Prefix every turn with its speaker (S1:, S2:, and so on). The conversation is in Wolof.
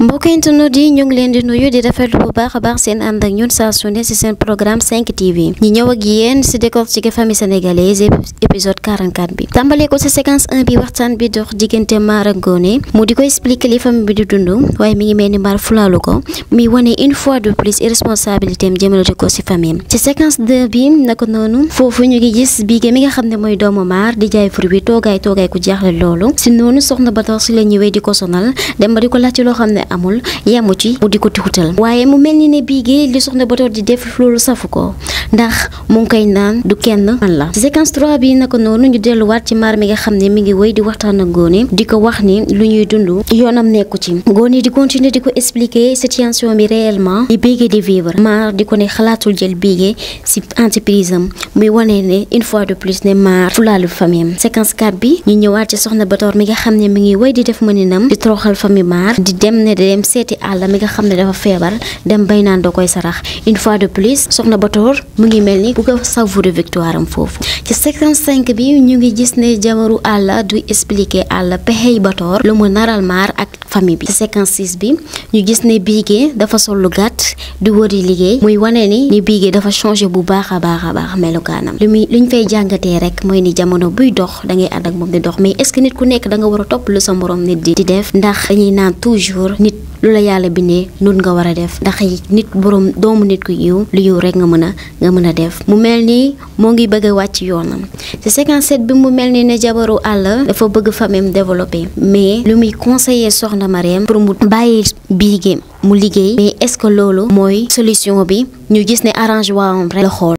S1: mbokk internet yi ñu leen di nuyu di rafetlu bu baax a baax seen ànd ak ñun saa su ne ci seen programme 5 TV ñi ñëw ak yéen ci famille sénégalaise épisode 44 bi tàmbalee ci séquence bi di dund waaye mi ngi mel ni Mara fulaalu ko mi wane une fois de plus irresponsabilité am jëmalati ko ci famille ci séquence 2 bi naka noonu foofu ñu ngi gis Bigué mi nga xam ne mooy doomu Mara di jaay fur bi toogaay toogaay ku jaaxle loolu ci noonu soxna ba dox ci la ñëwee di ne amul yemu ci mu di ko tuutal waaye mu mel ni ne bii gi li soxna Bator di def loolu safu ko ndax mu ngi koy naan du kenn man la séquence 3 bi naka noonu ñu delluwaat ci maar mi nga xam ne mi ngi wéy di waxtaan ak Ngoné di ko wax ni lu ñuy dund yoonam nekku ci Ngoné di continuer di ko expliquer situation bi réellement li Bigué di vivre maar di ko ne xalaatul jël Bigué si entreprise am muy wane ne une fois de plus ne maar fulaalu famille am séquence 4 bi ñu ñëwaat ci soxna Bator mi nga xam ne mi ngi wéy di def mëninam di toroxal famille maar di dem ne dem seeti àll mi nga xam ne dafa feebar dem bay naan doo koy sarax une fois de plus soxna Bator. mu ngi mel ni bu ko savouré victoire am foofu ci bi ñu ngi gis ne jabaru àlla du expliqué àlla pexey batoor lu mu naral maar ak famille bi ci section bi ñu gis ne biige dafa sol lu gàtt di wëri liggéey muy wane ni ni biige dafa changé bu baax a baax a baax melukaanam lu muy lu ñu fay jàngatee rek mooy ni jamono buy dox da ngay moom di dox mais est-ce que nit ku nekk da nga war a topp lu sa moroom nit di di def ndax dañuy naan toujours nit lu la yàlla bindee nun nga war a def ndax nit borom doomu nit ku yiw lu yiw rek nga mën a nga mën a def mu mel nii moo ngi bëgg a wàcc yoonam ci 57 bi mu mel ni ne jabaru àll dafa bëgg famem développé mais lu muy conseiller soxna Marème pour mu bàyyi biigéem mu liggéey mais est-ce que loolu mooy solution bi ñu gis ne arrangement waam rek la xool